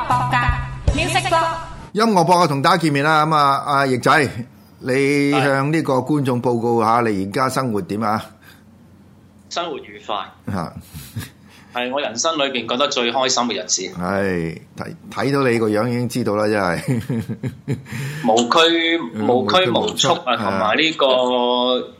音樂博格，同大家見面啦。咁啊，阿翼仔，你向呢個觀眾報告下你而家生活點啊？生活愉快啊，係 我人生裏邊覺得最開心嘅人士。係睇睇到你個樣已經知道啦，真係 無拘無拘, 無拘無束啊，同埋呢個。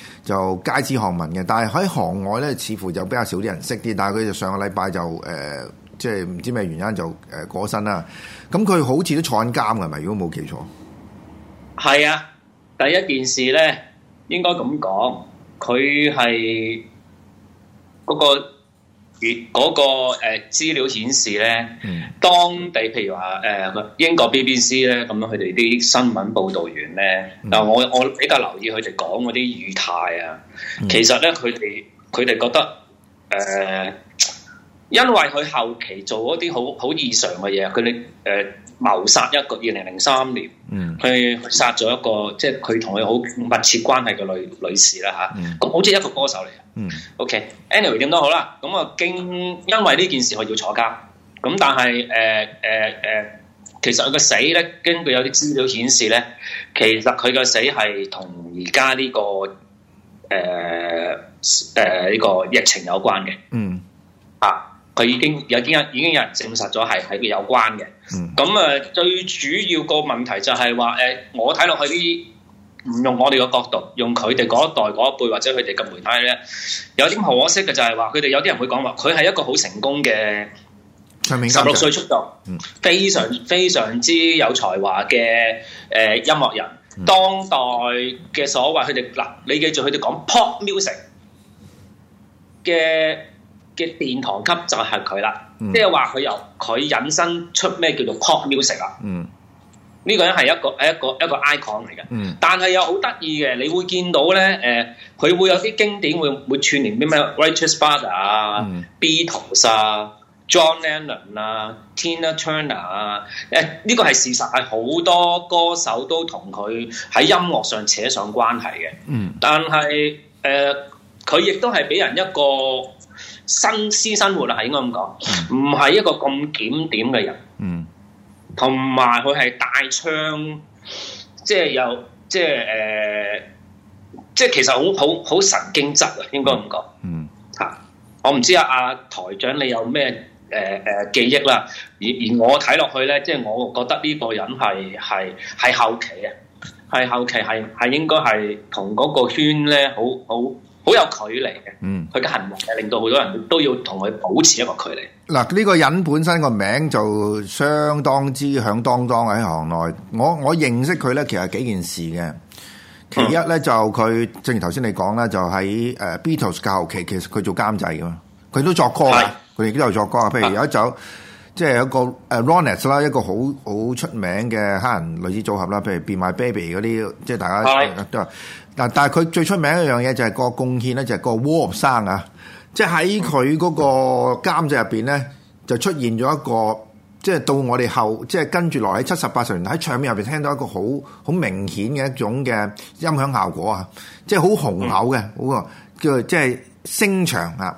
就街知巷聞嘅，但係喺行外咧，似乎就比較少啲人識啲。但係佢就上個禮拜就誒、呃，即係唔知咩原因就誒、呃、過身啦。咁佢好似都坐緊監嘅，係咪如果冇記錯？係啊，第一件事咧，應該咁講，佢係嗰個。嗰、那個誒、呃、資料顯示咧，嗯、當地譬如話誒、呃、英國 BBC 咧，咁樣佢哋啲新聞報導員咧，嗱、嗯、我我比較留意佢哋講嗰啲語態啊，其實咧，佢哋佢哋覺得誒、呃，因為佢後期做嗰啲好好異常嘅嘢，佢哋誒。呃謀殺一個二零零三年，嗯、去殺咗一個即係佢同佢好密切關係嘅女女士啦嚇，咁、啊嗯、好似一個歌手嚟、嗯、OK。Anyway 點都好啦，咁啊經因為呢件事我要坐監，咁但係誒誒誒，其實佢嘅死咧，根據有啲資料顯示咧，其實佢嘅死係同而家呢個誒誒呢個疫情有關嘅，嗯，啊。佢已經有啲人已經有人證實咗係係佢有關嘅。咁啊、嗯、最主要個問題就係話誒，我睇落去啲唔用我哋個角度，用佢哋嗰一代嗰一輩或者佢哋嘅媒體咧，有啲可惜嘅就係話佢哋有啲人會講話，佢係一個好成功嘅十六歲出道，非常非常之有才華嘅誒、呃、音樂人，當代嘅所謂佢哋嗱，你記住佢哋講 pop music 嘅。殿堂級就係佢啦，即係話佢由佢引申出咩叫做 pop music 啊。嗯，呢個咧係一個係一個一個 icon 嚟嘅。嗯，但係又好得意嘅，你會見到咧，誒、呃，佢會有啲經典會會串連啲咩 Richard Sparta 啊、Beatles、John Lennon 啊、Tina Turner 啊。誒、呃，呢、呢個係事實係好多歌手都同佢喺音樂上扯上關係嘅。嗯，但係誒，佢亦都係俾人一個。新私生，生活啊，係應該咁講，唔係一個咁檢點嘅人，嗯，同埋佢係大槍，即係有，即係誒、呃，即係其實好好好神經質啊，應該咁講，嗯，嚇、啊，我唔知啊，阿台長你有咩誒誒記憶啦？而而我睇落去咧，即係我覺得呢個人係係係後期啊，係後期係係應該係同嗰個圈咧，好好。好有距離嘅，佢嘅行為令到好多人都要同佢保持一個距離。嗱、嗯，呢、這個人本身個名就相當之響當當喺行內。我我認識佢咧，其實幾件事嘅。其一咧、哦、就佢，正如頭先你講啦，就喺誒 Beatles 後期，其實佢做監製㗎嘛，佢都作歌嘅，佢亦是都有作歌啊。譬如有一首。啊即係一個誒 Ronettes 啦，uh, ets, 一個好好出名嘅黑人女子組合啦，譬如 Be My Baby 嗰啲，即係大家都話。嗱 Hi.，但係佢最出名一樣嘢就係個貢獻咧，就係、是、個 Wall of Sound 啊！即係喺佢嗰個監製入邊咧，就出現咗一個，即係到我哋後，即係跟住落喺七十八十年代喺唱片入邊聽到一個好好明顯嘅一種嘅音響效果、mm. 啊！即係好雄厚嘅，好啊，叫即係聲場啊！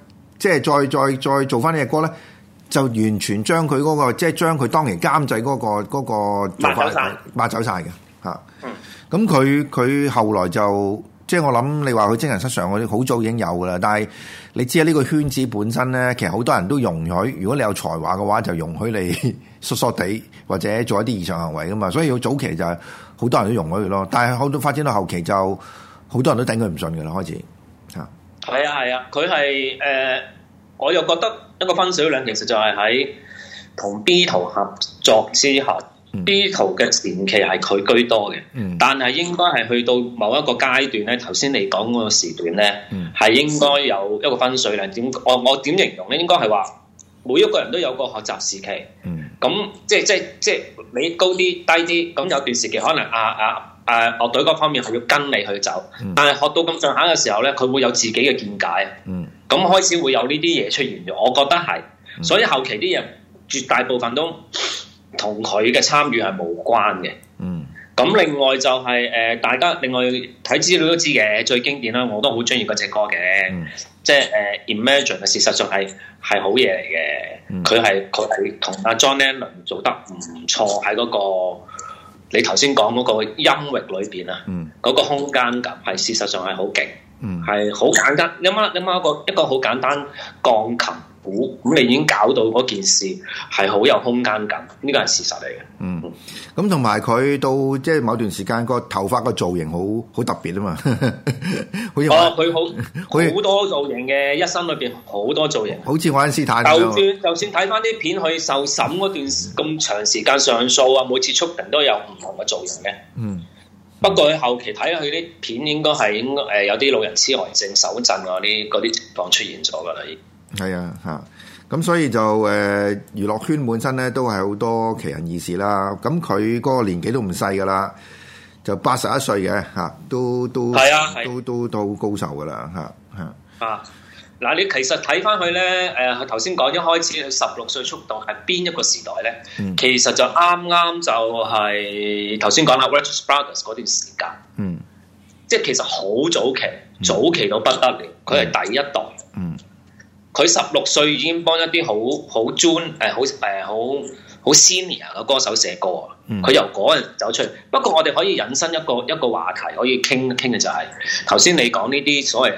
即係再再再做翻呢隻歌咧，就完全將佢嗰個，即係將佢當年監製嗰個嗰個做抹走晒抹走曬嘅嚇。咁佢佢後來就，即係我諗你話佢精神失常，啲好早已經有噶啦。但係你知啊，呢個圈子本身咧，其實好多人都容許，如果你有才華嘅話，就容許你傻傻地或者做一啲異常行為噶嘛。所以要早期就好多人都容許佢咯，但係後到發展到後期就好多人都頂佢唔順噶啦開始。係啊係啊，佢係誒，我又覺得一個分水嶺其實就係喺同 B 圖合作之下、嗯、B 圖嘅前期係佢居多嘅。嗯、但係應該係去到某一個階段咧，頭先你講嗰個時段咧，係、嗯、應該有一個分水嶺。點我我點形容咧？應該係話每一個人都有個學習時期。咁、嗯、即即即你高啲低啲，咁有段時期可能啊啊～誒、啊、樂隊嗰方面係要跟你去走，嗯、但係學到咁上下嘅時候咧，佢會有自己嘅見解。嗯，咁開始會有呢啲嘢出現咗，我覺得係。嗯、所以後期啲嘢絕大部分都同佢嘅參與係無關嘅。嗯，咁另外就係誒大家另外睇資料都知嘅，最經典啦，我都好中意嗰隻歌嘅。即係誒 Imagine 嘅事實上係係好嘢嚟嘅。佢係佢係同阿 John Lennon 做得唔錯喺嗰、那個。你頭先講嗰個音域裏面啊，嗰、嗯、個空間感係事實上係好勁，係好、嗯、簡單。你諗，你諗一個一個好簡單鋼琴。咁你已經搞到嗰件事係好有空間感，呢個係事實嚟嘅。嗯，咁同埋佢到即係某段時間個頭髮個造型好好特別啊嘛， 好佢玩、哦、好佢好像多造型嘅，一生裏邊好多造型。好似我愛因斯坦就算、嗯、就算睇翻啲片去受審嗰段咁長時間上訴啊，每次出庭都有唔同嘅造型嘅。嗯，不過佢後期睇下佢啲片，應該係應該誒有啲老人痴呆症、手震嗰啲啲情況出現咗㗎啦。係啊，吓、啊、咁所以就誒、呃，娛樂圈本身咧都係好多奇人異事啦。咁佢嗰個年紀都唔細噶啦，就八十一歲嘅吓，都都係啊，都都都高手噶啦吓吓。啊，嗱、啊、你其實睇翻佢咧，誒頭先講一開始佢十六歲出道係邊一個時代咧？嗯、其實就啱啱就係頭先講啦，Righteous Brothers 嗰段時間，嗯，即係其實好早期，早期到不得了，佢係第一代，嗯。嗯佢十六歲已經幫一啲好好 j 誒好誒好好 senior 嘅歌手寫歌佢、嗯、由嗰陣走出嚟。不過我哋可以引申一個一個話題，可以傾傾嘅就係頭先你講呢啲所謂誒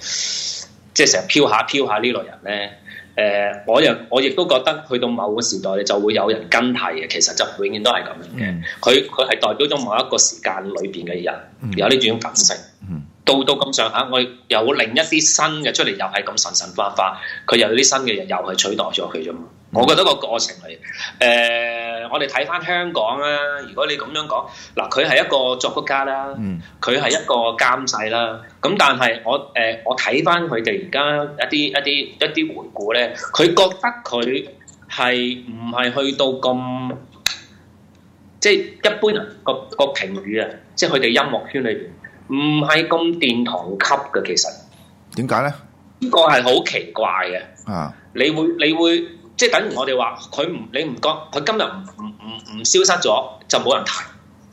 誒，即係成日飄下飄下呢類人咧。誒、呃，我又我亦都覺得去到某個時代，就會有人跟係嘅。其實就永遠都係咁樣嘅。佢佢係代表咗某一個時間裏邊嘅人，嗯、有呢種感情。嗯到到咁上下，我又有另一啲新嘅出嚟，又係咁神神化化，佢又有啲新嘅人又係取代咗佢啫嘛。我覺得個過程係，誒、呃，我哋睇翻香港啊，如果你咁樣講，嗱，佢係一個作曲家啦，佢係一個監製啦，咁但係我誒、呃，我睇翻佢哋而家一啲一啲一啲回顧咧，佢覺得佢係唔係去到咁，即係一般人個個評語啊，即係佢哋音樂圈裏邊。唔係咁殿堂級嘅，其實點解咧？呢個係好奇怪嘅。啊你會，你會、就是、你會即係等於我哋話佢唔你唔覺佢今日唔唔唔消失咗就冇人提，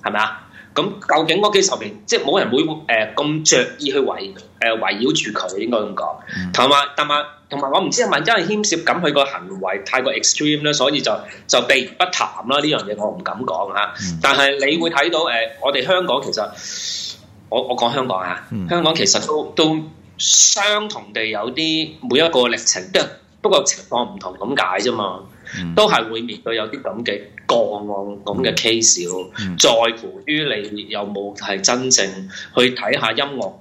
係咪啊？咁、嗯、究竟嗰幾十年即係冇人會誒咁着意去圍誒圍繞住佢，應該咁講。同埋同埋同埋，我唔知係咪因為牽涉咁佢個行為太過 extreme 咧，所以就就避而不談啦。呢樣嘢我唔敢講吓。嗯、但係你會睇到誒、呃，我哋香港其實。我我講香港啊，香港其實都都相同地有啲每一個歷程，不過不過情況唔同咁解啫嘛，都係會面對有啲咁嘅個案咁嘅 case，在乎於你有冇係真正去睇下音樂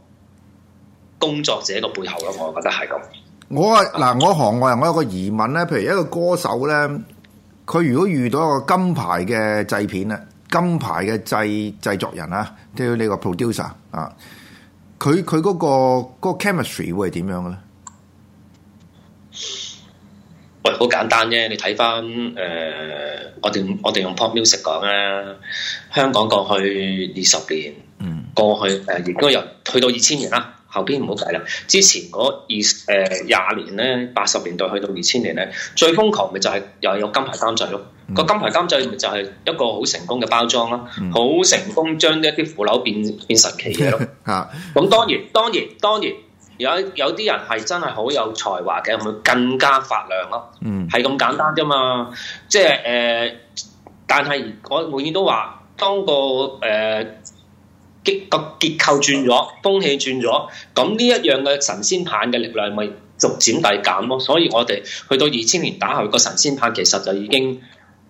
工作者嘅背後咯，我覺得係咁。我啊嗱，我行外人，我有個疑問咧，譬如一個歌手咧，佢如果遇到一個金牌嘅製片啊。金牌嘅製製作人啊，即係呢個 producer 啊，佢佢嗰個嗰個 chemistry 會係點樣嘅咧？喂，好簡單啫，你睇翻誒，我哋我哋用 pop music 講啦、啊，香港過去二十年，嗯，過去誒，亦都有去到二千年啦。後邊唔好計啦，之前嗰二誒廿、呃、年咧，八十年代去到二千年咧，最瘋狂咪就係又有金牌監製咯，嗯、個金牌監製咪就係一個好成功嘅包裝咯，好、嗯、成功將一啲腐朽變變神奇嘢咯嚇。咁 當然當然當然，有有啲人係真係好有才華嘅，咪更加發亮咯。嗯，係咁簡單啫嘛，即係誒、呃，但係我永遠都話，當個誒。呃結個結構轉咗，風氣轉咗，咁呢一樣嘅神仙棒嘅力量咪逐漸遞減咯。所以我哋去到二千年打後，個神仙棒其實就已經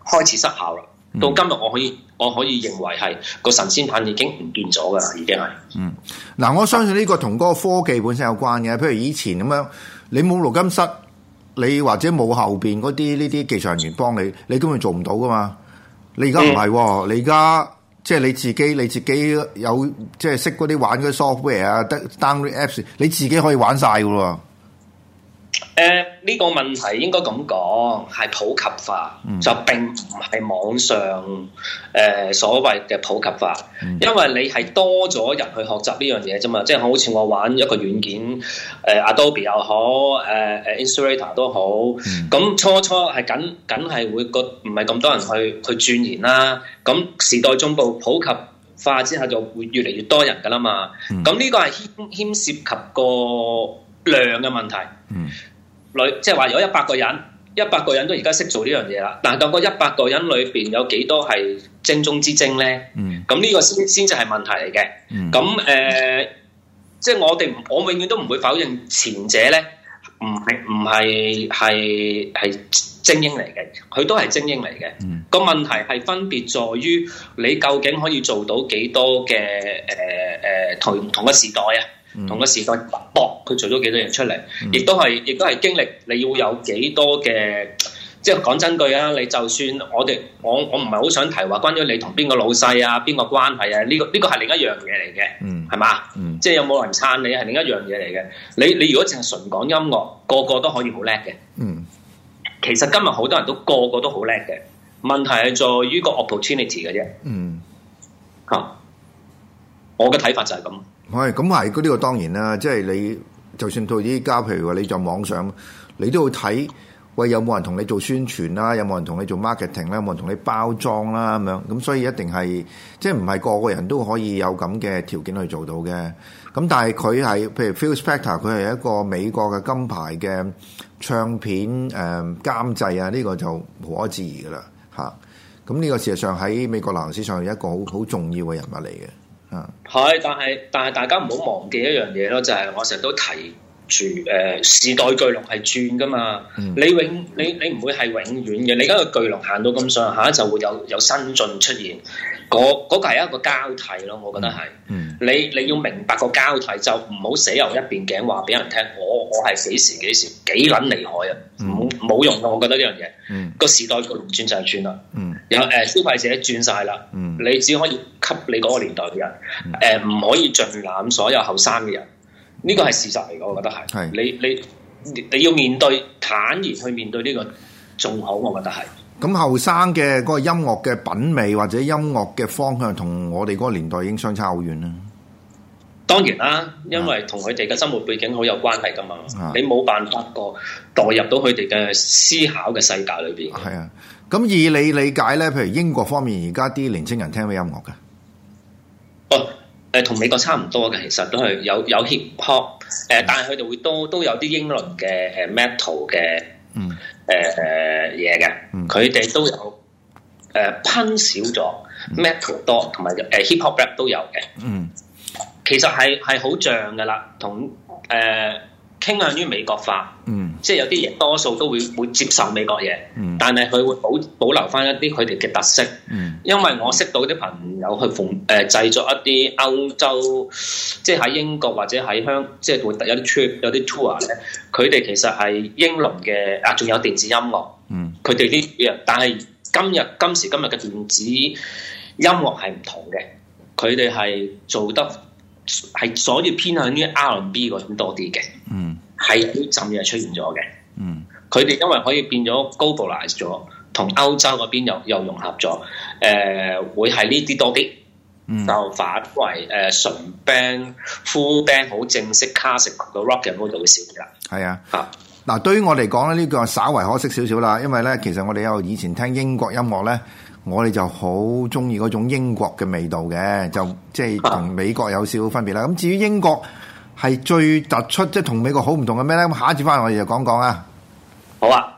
開始失效啦。嗯、到今日我可以我可以認為係個神仙棒已經唔見咗噶啦，已經係。嗯。嗱，我相信呢個同嗰個科技本身有關嘅，譬如以前咁樣，你冇錄音室，你或者冇後邊嗰啲呢啲技術人員幫你，你根本做唔到噶嘛。你而家唔係喎，嗯、你而家。即係你自己，你自己有即係識嗰啲玩嗰啲 software 啊，down 啲 apps，你自己可以玩晒噶喎。誒，呢、呃呢個問題應該咁講，係普及化就並唔係網上，誒所謂嘅普及化，因為你係多咗人去學習呢樣嘢啫嘛，即係好似我玩一個軟件，誒、呃、Adobe 又好，誒、呃、誒 Illustrator 都好，咁、嗯嗯、初初係緊緊係會覺唔係咁多人去去鑽研啦，咁時代進步普及化之後就會越嚟越多人噶啦嘛，咁呢、嗯嗯呢個係牽，牽涉及個量嘅問題。嗯女即係話有一百個人，一百個人都而家識做呢樣嘢啦。但當嗰一百個人裏邊有幾多係精中之精咧？咁呢、嗯、個先先至係問題嚟嘅。咁誒、嗯呃，即係我哋我永遠都唔會否認前者咧，唔係唔係係係精英嚟嘅，佢都係精英嚟嘅。嗯、個問題係分別在於你究竟可以做到幾多嘅誒誒同同一個時代啊？同個時代搏，佢做咗幾多嘢出嚟，亦都係，亦都係經歷。你要有幾多嘅，即係講真句啊！你就算我哋，我我唔係好想提話關於你同邊個老細啊、邊個關係啊呢、呢個呢個係另一樣嘢嚟嘅，係嘛？即係有冇人撐你係另一樣嘢嚟嘅。你你如果淨係純講音樂，個個都可以好叻嘅。嗯、其實今日好多人都個個都好叻嘅，問題係在於個 opportunity 嘅啫。嚇、嗯嗯，我嘅睇法就係咁。喂，咁係，嗰啲我當然啦，即係你就算到而家，譬如話你在網上，你都要睇喂有冇人同你做宣傳啦，有冇人同你做 marketing 啦，有冇人同你包裝啦咁樣，咁所以一定係即係唔係個個人都可以有咁嘅條件去做到嘅。咁但係佢係譬如 Phil Spector，佢係一個美國嘅金牌嘅唱片誒、呃、監製啊，呢、呢個就無可置疑噶啦嚇。咁呢個事實上喺美國流行市場係一個好好重要嘅人物嚟嘅。係， 但係，但係大家唔好忘記一樣嘢咯，就係我成日都提住誒時代巨龍係轉噶嘛？你永你你唔會係永遠嘅。你而家個巨龍行到咁上下，就會有有新進出現。嗰嗰個係一個交替咯，我覺得係。你你要明白個交替就唔好死硬一邊頸話俾人聽。我我係死時幾時幾撚厲害啊？冇冇用噶，我覺得呢樣嘢。個時代巨龍轉就係轉啦。有誒消費者轉晒啦。你只可以給你嗰個年代嘅人誒，唔可以盡攬所有後生嘅人。呢個係事實嚟，我覺得係。係是你你你要面對，坦然去面對呢、呢個眾口，我覺得係。咁後生嘅嗰個音樂嘅品味或者音樂嘅方向，同我哋嗰個年代已經相差好遠啦。當然啦，因為同佢哋嘅生活背景好有關係噶嘛。是你冇辦法個代入到佢哋嘅思考嘅世界裏邊。係啊。咁以你理解咧，譬如英國方面而家啲年青人聽咩音樂噶？哦誒同美國差唔多嘅，其實都係有有 hip hop，誒、呃 mm. 但係佢哋會都都有啲英倫嘅誒 metal 嘅，嗯誒誒嘢嘅，佢哋、mm. 都有誒、呃、噴少咗、mm. metal 多，同埋誒 hip hop black 都有嘅，嗯其實係係好像㗎喇，同誒、呃、傾向於美國化，嗯、mm. 即係有啲嘢多數都會會接受美國嘢，mm. 但係佢會保保留返一啲佢哋嘅特色，嗯。Mm. 因為我識到啲朋友去縫誒、呃、製作一啲歐洲，即係喺英國或者喺香，即係會有啲 trip 有啲 tour 咧。佢哋其實係英倫嘅，啊，仲有電子音樂。嗯，佢哋啲，但係今日今時今日嘅電子音樂係唔同嘅。佢哋係做得係所謂偏向於 R&B 嗰種多啲嘅。嗯，係啲浸嘢出現咗嘅。嗯，佢哋因為可以變咗 globalise 咗，同歐洲嗰邊又又融合咗。誒、呃、會係呢啲多啲，就、嗯、反為誒純 band、full band 好正式、classic 嘅 rock 嘅 mode 會少㗎。係啊，嗱、啊，對於我嚟講咧，呢個稍為可惜少少啦，因為咧，其實我哋有以前聽英國音樂咧，我哋就好中意嗰種英國嘅味道嘅，就即係同美國有少少分別啦。咁至於英國係最突出，即係同美國好唔同嘅咩咧？咁下一節翻嚟我哋就講講啊。好啊。